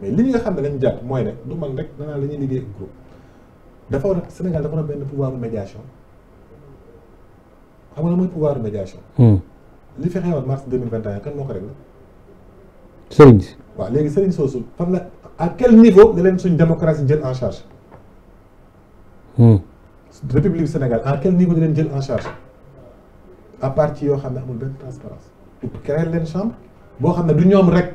mais li ñu nga xam ne lañ jàpp mooy ne du man rek danaa la ñuy liggéey ak groupe dafa war a Sénégal dafa war a benn pouvoir médiation xam nga mooy pouvoir médiation. Hmm. li fi xewoon mars deux mille vingt et un moo ko réglé. Sëriñ si. waaw léegi Sëriñ soosu fan la à quel niveau la leen suñ démocratie jël en charge. Hmm. république Sénégal à quel niveau la leen jël en charge à partir yoo xam ne amul benn transparence pour créer leen chambre boo xam ne du ñoom rek.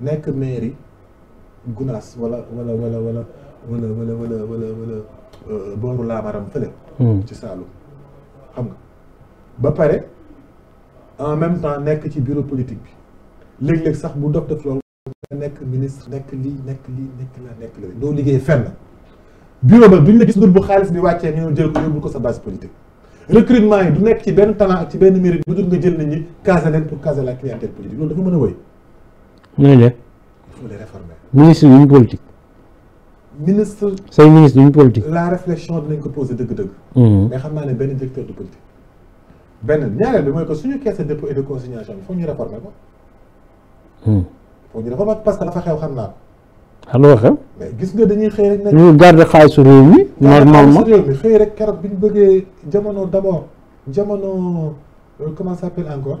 nekk mairie Gunaas wala wala wala wala wala wala wala wala wala euh, booru Laamaram fële. Hmm. ci Saalum xam nga ba pare en même temps nekk ci bureau politique bi léeg-léeg sax bu dof def loolu nekk ministre nekk lii nekk lii nekk la nekk la doo liggéey fenn bureau ba duñ la gis ndur bu xaalis bi wàccee nga jël ko yóbbul ko sa base politique recrutement yi du nekk ci benn talent ci benn mérite bu dul nga jël nit ñi caser leen pour caser la clientèle politique loolu dafa mën a wéy il réformer. ministre d'une politique. ministre un ministre politique. la réflexion dinañ ko poser dëgg mm-hmm. mais xam naa ben directeur de politique. Ben, ñaareel que suñu caisse de dépôt et de consignation il Faut une réformer ko. Mm-hmm. Faut une réformer parce que la xew xam Hallo. alors mais gis nga dañuy rek. normalement rek le euh, comment ça s'appelle encore.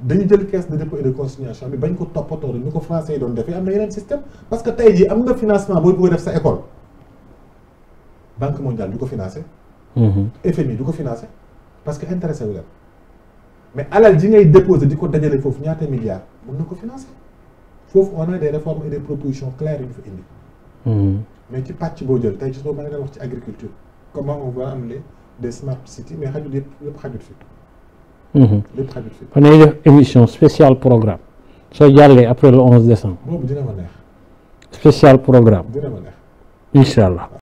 dañu jël caisse de dépôt et de consignation mais bañ ko toppatoo ni ko français yi doon defee am na yeneen système parce que tey jii am nga financement booy bëgg ça def sa école banque mondiale du ko financé. Mhm. FMI du ko financé parce que intéressé wu leen mais alal ji ngay déposé di ko dajale foofu ñaata milliards mën na ko financé foofu on a des réformes et des propositions claires yu ñu fa indi. Mhm. mais ci pàcc boo jël tey ci soo mën a wax ci agriculture comment on va amener des smart cities mais xajul yëpp yëpp xajul fi. lépp xajul fi. émission spéciale programme soo jàllee après le 11 décembre. spécial programme. dina